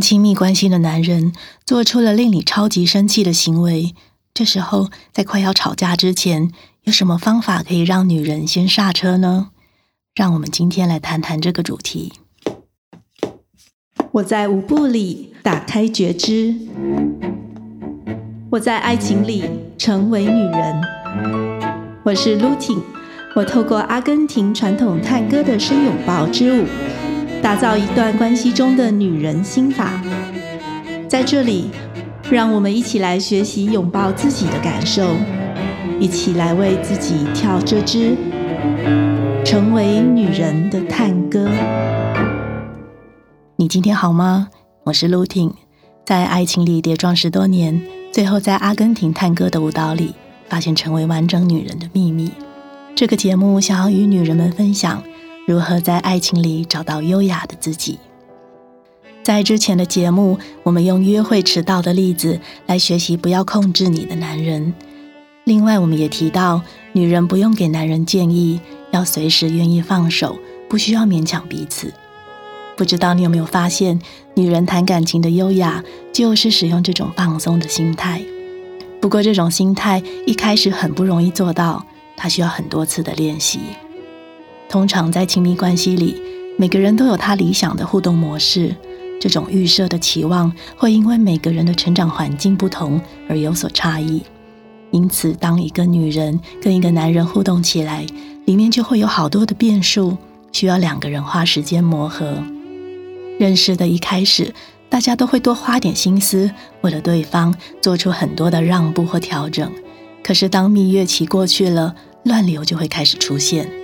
親密關係的男人做出了令你超級生氣的行為，這時候在快要吵架之前，有什麼方法可以讓女人先剎車呢？讓我們今天來談談這個主題。我在舞步裡打開覺知，我在愛情裡成為女人。我是 Lutin，我透過阿根廷傳統探戈的深擁抱之舞，打造一段關係中的女人心法，在這裡，讓我們一起來學習擁抱自己的感受，一起來為自己跳這支成為女人的探戈。你今天好嗎？我是露婷，在愛情裡跌撞十多年，最後在阿根廷探戈的舞蹈裡，發現成為完整女人的秘密。這個節目想要與女人們分享。如何在愛情裡找到優雅的自己？在之前的節目，我們用約會遲到的例子來學習不要控制你的男人。另外，我們也提到，女人不用給男人建議，要隨時願意放手，不需要勉強彼此。不知道你有沒有發現，女人談感情的優雅，就是使用這種放鬆的心態。不過，這種心態一開始很不容易做到，它需要很多次的練習。通常在親密關係裡，每個人都有他理想的互動模式。這種預設的期望會因為每個人的成長環境不同而有所差異。因此，當一個女人跟一個男人互動起來，裡面就會有好多的變數，需要兩個人花時間磨合。認識的一開始，大家都會多花點心思，為了對方做出很多的讓步或調整。可是，當蜜月期過去了，亂流就會開始出現。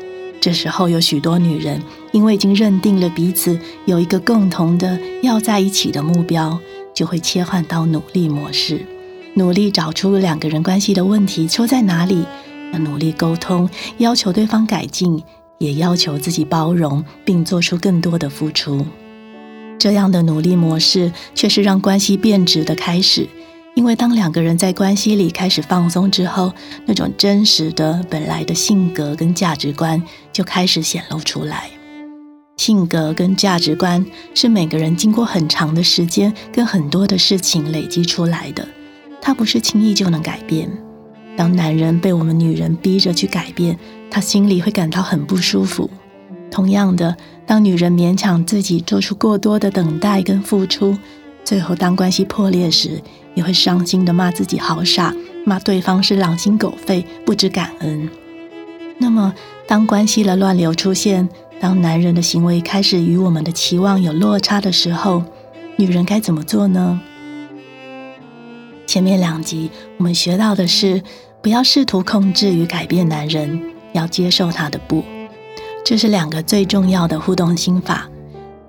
這時候，有許多女人因為已經認定了彼此有一個共同的要在一起的目標，就會切換到努力模式，努力找出兩個人關係的問題出在哪裡，要努力溝通，要求對方改進，也要求自己包容，並做出更多的付出。這樣的努力模式，卻是讓關係變質的開始。因為當兩個人在關係裡開始放鬆之後，那種真實的、本來的性格跟價值觀就開始顯露出來。性格跟價值觀是每個人經過很長的時間跟很多的事情累積出來的，它不是輕易就能改變。當男人被我們女人逼着去改變，他心裡會感到很不舒服。同樣的，當女人勉強自己做出過多的等待跟付出，最後，當關係破裂時，也會傷心地罵自己好傻，罵對方是狼心狗肺、不知感恩。那麼，當關係的亂流出現，當男人的行為開始與我們的期望有落差的時候，女人該怎麼做呢？前面兩集我們學到的是，不要試圖控制與改變男人，要接受他的不，這是兩個最重要的互動心法。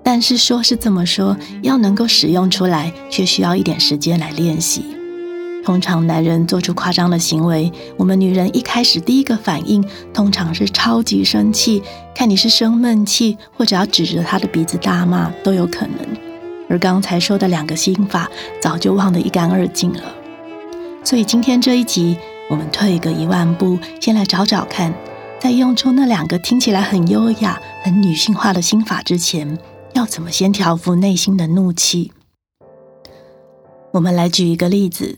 但是說是這麼說，要能夠使用出來，卻需要一點時間來練習。通常男人做出誇張的行為，我們女人一開始第一個反應通常是超級生氣，看你是生悶氣，或者要指着他的鼻子大罵都有可能。而剛才說的兩個心法，早就忘得一乾二淨了。所以今天這一集，我們退個一萬步，先來找找看，在用出那兩個聽起來很優雅、很女性化的心法之前。要怎麼先調伏內心的怒氣？我們來舉一個例子：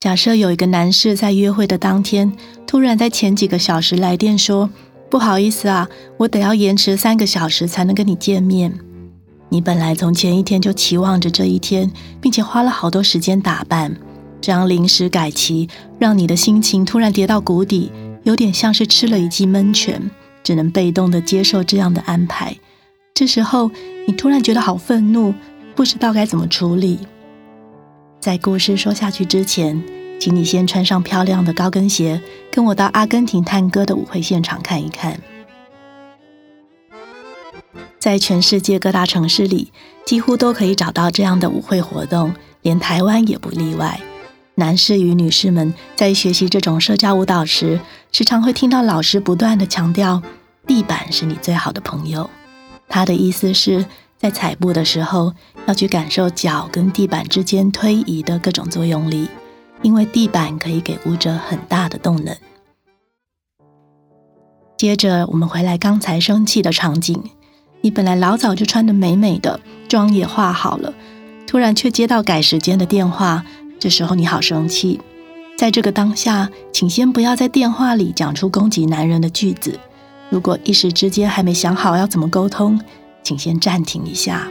假設有一個男士在約會的當天，突然在前幾個小時來電說：“不好意思啊，我得要延遲三個小時才能跟你見面。”你本來從前一天就期望着這一天，並且花了好多時間打扮，這樣臨時改期，讓你的心情突然跌到谷底，有點像是吃了一記悶拳，只能被動的接受這樣的安排。這時候，你突然覺得好憤怒，不知道該怎麼處理。在故事說下去之前，請你先穿上漂亮的高跟鞋，跟我到阿根廷探戈的舞會現場看一看。在全世界各大城市裡，幾乎都可以找到這樣的舞會活動，連台灣也不例外。男士與女士們在學習這種社交舞蹈時，時常會聽到老師不斷地強調：“地板是你最好的朋友。”他的意思是在踩步的時候，要去感受腳跟地板之間推移的各種作用力，因為地板可以給舞者很大的動能。接着，我們回來剛才生氣的場景，你本來老早就穿得美美的，妝也化好了，突然卻接到改時間的電話，這時候你好生氣。在這個當下，請先不要在電話裡講出攻擊男人的句子。如果一時之間還沒想好要怎麼溝通，請先暫停一下，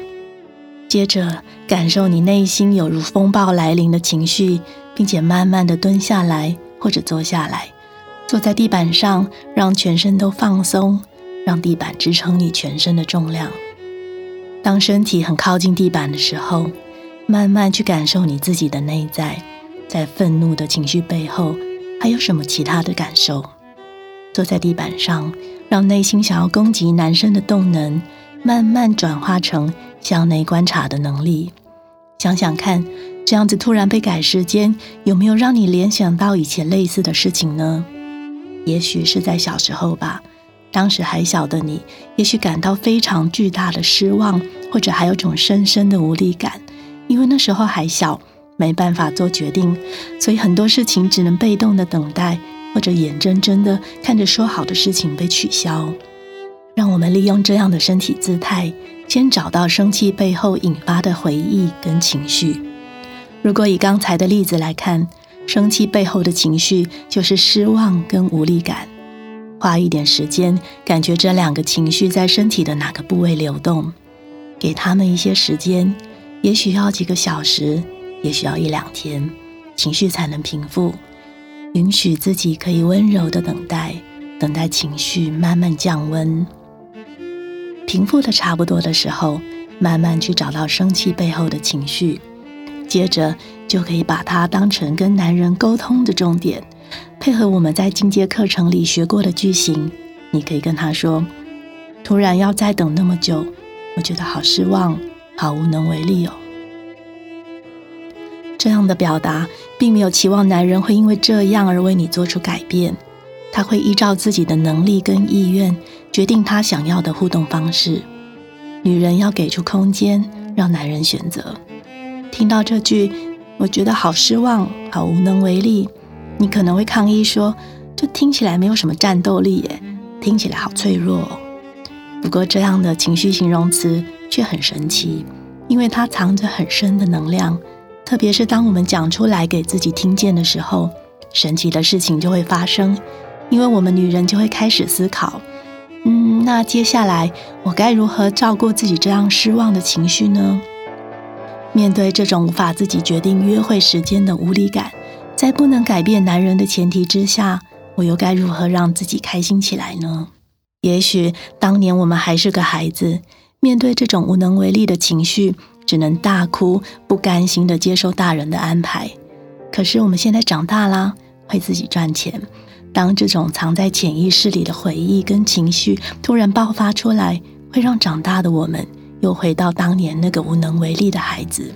接着感受你內心有如風暴來臨的情緒，並且慢慢的蹲下來或者坐下來，坐在地板上，讓全身都放鬆，讓地板支撐你全身的重量。當身體很靠近地板的時候，慢慢去感受你自己的內在，在憤怒的情緒背後還有什麼其他的感受？坐在地板上。讓內心想要攻擊男生的動能，慢慢轉化成向內觀察的能力。想想看，這樣子突然被改時間，有沒有讓你聯想到以前類似的事情呢？也許是在小時候吧，當時還小的你，也許感到非常巨大的失望，或者還有一種深深的無力感，因為那時候還小，沒辦法做決定，所以很多事情只能被動的等待。或者眼睜睜地看着說好的事情被取消，讓我們利用這樣的身體姿態，先找到生氣背後引發的回憶跟情緒。如果以剛才的例子來看，生氣背後的情緒就是失望跟無力感。花一點時間，感覺這兩個情緒在身體的哪個部位流動，給他們一些時間，也許要幾個小時，也許要一兩天，情緒才能平復。允許自己可以溫柔地等待，等待情緒慢慢降溫，平復得差不多的時候，慢慢去找到生氣背後的情緒，接着就可以把它當成跟男人溝通的重點，配合我們在進階課程裡學過的句型，你可以跟他說：“突然要再等那麼久，我覺得好失望，好無能為力哦。”這樣的表達，並沒有期望男人會因為這樣而為你做出改變。他會依照自己的能力跟意願，決定他想要的互動方式。女人要給出空間，讓男人選擇。聽到這句，我覺得好失望，好無能為力。你可能會抗議說，這聽起來沒有什麼戰鬥力耶，聽起來好脆弱哦。不過，這樣的情緒形容詞卻很神奇，因為它藏着很深的能量。特別是當我們講出來給自己聽見的時候，神奇的事情就會發生，因為我們女人就會開始思考：嗯，那接下來我該如何照顧自己這樣失望的情緒呢？面對這種無法自己決定約會時間的無力感，在不能改變男人的前提之下，我又該如何讓自己開心起來呢？也許當年我們還是個孩子，面對這種無能為力的情緒。只能大哭，不甘心地接受大人的安排。可是我們現在長大啦，會自己賺錢。當這種藏在潛意識裡的回憶跟情緒突然爆發出來，會讓長大的我們又回到當年那個無能為力的孩子。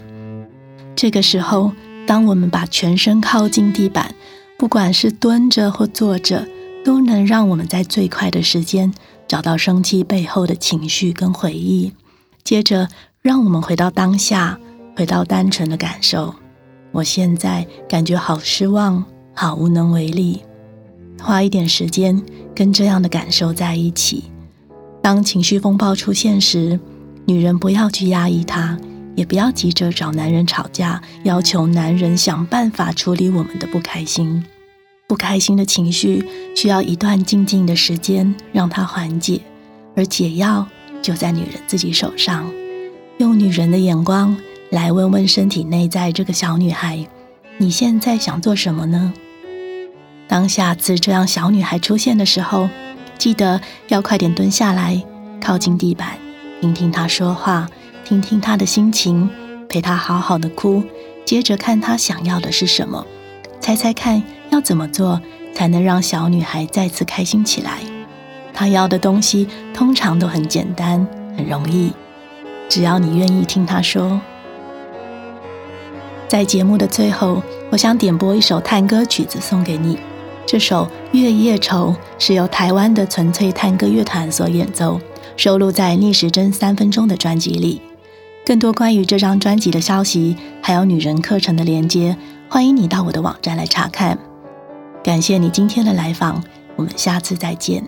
這個時候，當我們把全身靠近地板，不管是蹲着或坐着，都能讓我們在最快的時間找到生氣背後的情緒跟回憶。接着，讓我們回到當下，回到單純的感受。我現在感覺好失望，好無能為力。花一點時間跟這樣的感受在一起。當情緒風暴出現時，女人不要去壓抑它，也不要急着找男人吵架，要求男人想辦法處理我們的不開心。不開心的情緒需要一段靜靜的時間讓它緩解，而解藥就在女人自己手上。用女人的眼光來問問身體內在這個小女孩，你現在想做什麼呢？當下次這樣小女孩出現的時候，記得要快點蹲下來，靠近地板，聽聽她說話，聽聽她的心情，陪她好好的哭，接着看她想要的是什麼，猜猜看要怎麼做才能讓小女孩再次開心起來？她要的東西通常都很簡單，很容易。只要你願意聽他說，在節目的最後，我想點播一首探戈曲子送給你。這首《月夜愁》是由台灣的純粹探戈樂團所演奏，收錄在《逆時針三分鐘》的專輯裡。更多關於這張專輯的消息，還有女人課程的連接，歡迎你到我的網站來查看。感謝你今天的來訪，我們下次再見。